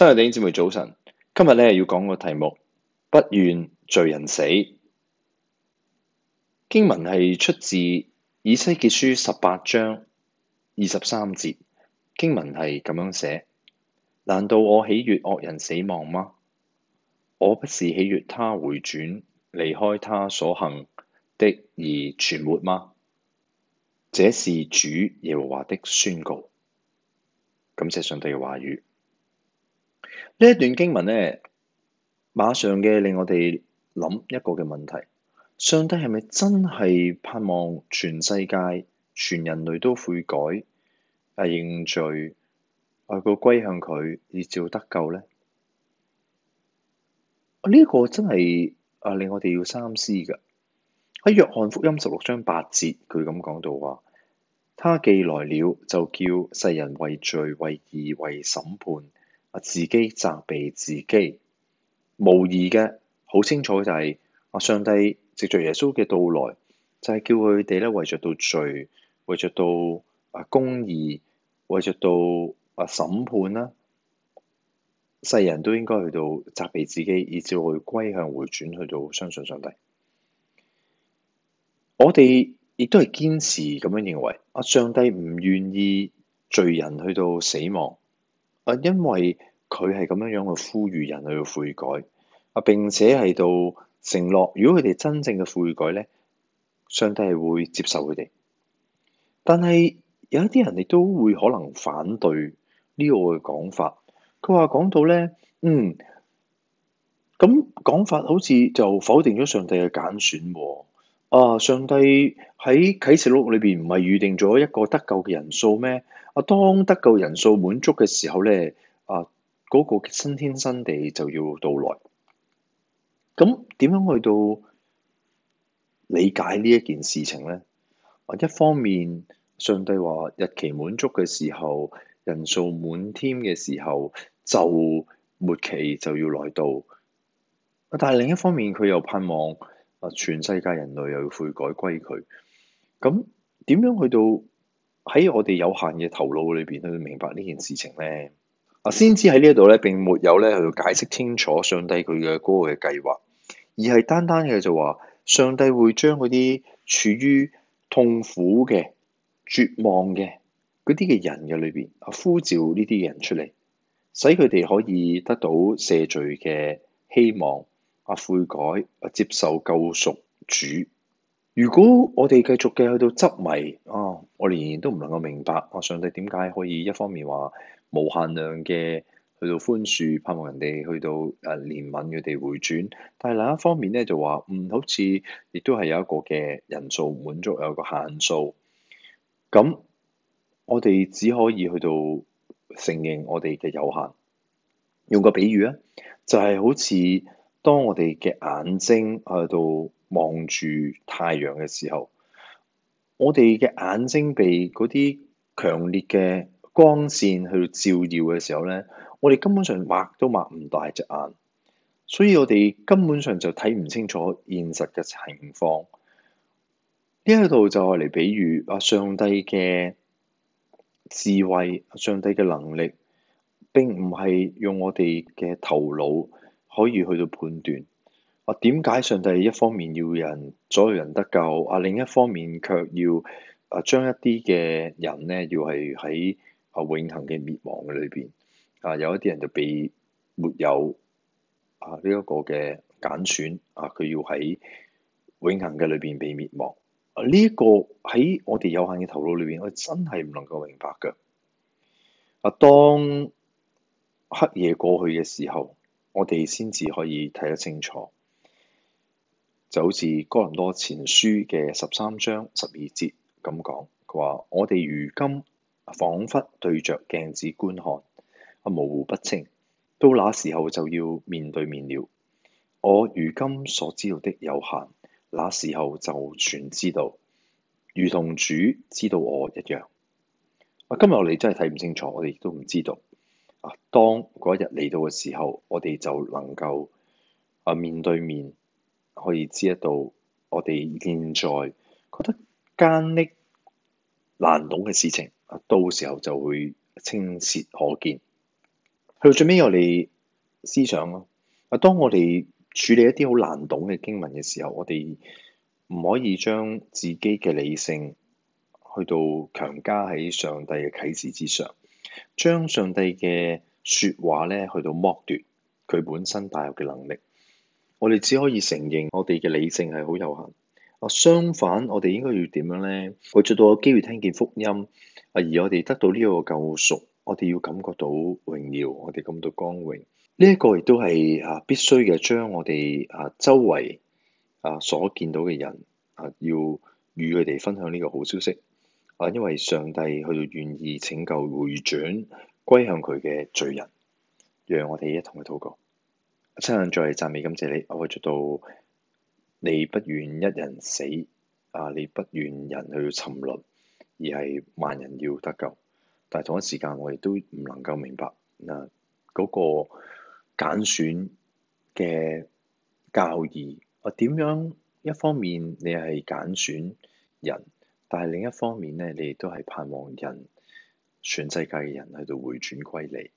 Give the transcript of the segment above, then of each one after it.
親愛的姊妹，早晨，今日咧要講個題目：不願罪人死。經文係出自以西結書十八章二十三節，經文係咁樣寫：難道我喜悅惡人死亡嗎？我不是喜悅他回轉，離開他所行的而存活嗎？這是主耶和華的宣告。感謝上帝嘅話語。呢一段經文咧，馬上嘅令我哋諗一個嘅問題：上帝係咪真係盼望全世界、全人類都悔改、啊認罪、愛告歸向佢以照得救咧？啊，呢一個真係啊令我哋要三思噶。喺約翰福音十六章八節，佢咁講到話：他既來了，就叫世人為罪、為義、為審判。啊！自己責備自己，無疑嘅好清楚就係，啊！上帝藉著耶穌嘅到來，就係、是、叫佢哋咧為着到罪，為着到啊公義，為着到啊審判啦，世人都應該去到責備自己，以至去歸向回轉，去到相信上帝。我哋亦都係堅持咁樣認為，啊！上帝唔願意罪人去到死亡。因為佢係咁樣樣去呼籲人去悔改啊，並且係到承諾，如果佢哋真正嘅悔改咧，上帝係會接受佢哋。但係有一啲人亦都會可能反對呢個嘅講法，佢話講到咧，嗯，咁講法好似就否定咗上帝嘅揀選喎。啊！上帝喺啟示錄裏邊唔係預定咗一個得救嘅人數咩？啊，當得救人數滿足嘅時候咧，啊，嗰個新天新地就要到來。咁點樣去到理解呢一件事情咧？啊，一方面上帝話日期滿足嘅時候，人數滿添嘅時候就末期就要來到。但係另一方面佢又盼望。啊！全世界人類又要悔改歸佢，咁點樣去到喺我哋有限嘅頭腦裏邊去明白呢件事情咧？啊，先知喺呢一度咧並沒有咧去解釋清楚上帝佢嘅嗰個嘅計劃，而係單單嘅就話上帝會將嗰啲處於痛苦嘅、絕望嘅嗰啲嘅人嘅裏邊啊呼召呢啲人出嚟，使佢哋可以得到赦罪嘅希望。阿悔改，阿接受救贖主。如果我哋繼續嘅去到執迷，哦、啊，我哋仍然都唔能夠明白，哦、啊，上帝點解可以一方面話無限量嘅去到寬恕，盼望人哋去到誒憐憫佢哋回轉，但係另一方面咧就話嗯，好似亦都係有一個嘅人數滿足，有一個限數。咁我哋只可以去到承認我哋嘅有限。用個比喻啊，就係、是、好似。當我哋嘅眼睛喺度望住太陽嘅時候，我哋嘅眼睛被嗰啲強烈嘅光線去照耀嘅時候咧，我哋根本上擘都擘唔大隻眼，所以我哋根本上就睇唔清楚現實嘅情況。呢一度就係嚟比喻啊，上帝嘅智慧、上帝嘅能力並唔係用我哋嘅頭腦可以去到判斷啊？點解上帝一方面要人所有人得救啊？另一方面卻要啊，將一啲嘅人咧要係喺啊永恆嘅滅亡嘅裏邊啊，有一啲人就被沒有啊呢一個嘅揀選啊，佢、啊這個、要喺永恆嘅裏邊被滅亡啊？呢、這、一個喺我哋有限嘅頭腦裏邊，我真係唔能夠明白嘅啊。當黑夜過去嘅時候。我哋先至可以睇得清楚，就好似哥林多前書嘅十三章十二節咁講，佢話：我哋如今仿佛對着鏡子觀看，模糊不清。到那時候就要面對面了。我如今所知道的有限，那時候就全知道，如同主知道我一樣。啊，今日我哋真係睇唔清楚，我哋亦都唔知道。啊！當嗰一日嚟到嘅時候，我哋就能夠啊面對面，可以知得到我哋現在覺得艱難難懂嘅事情，到時候就會清晰可見。去到最尾，我哋思想咯。啊，當我哋處理一啲好難懂嘅經文嘅時候，我哋唔可以將自己嘅理性去到強加喺上帝嘅啟示之上。將上帝嘅說話咧，去到剝奪佢本身大有嘅能力，我哋只可以承認我哋嘅理性係好有限。啊，相反，我哋應該要點樣咧？我接到有機會聽見福音啊，而我哋得到呢個救贖，我哋要感覺到榮耀，我哋感覺到光榮。呢一個亦都係啊，必須嘅。將我哋啊周圍啊所見到嘅人啊，要與佢哋分享呢個好消息。啊！因為上帝佢願意拯救回轉，歸向佢嘅罪人，讓我哋一同去禱告。親人再嚟讚美感謝你，我會做到你不願一人死，啊！你不願人去沉淪，而係萬人要得救。但係同一時間，我亦都唔能夠明白嗱嗰、那個揀選嘅教義，我點樣一方面你係揀選人？但係另一方面咧，你哋都係盼望人，全世界嘅人喺度回轉歸嚟。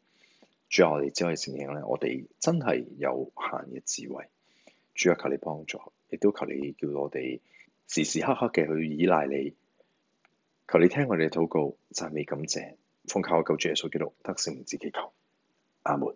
主啊，我哋只可以承認咧，我哋真係有限嘅智慧。主啊，求你幫助，亦都求你叫我哋時時刻刻嘅去依賴你。求你聽我哋嘅禱告，讚美感謝，奉靠我救主耶穌基督得勝名字祈求，阿門。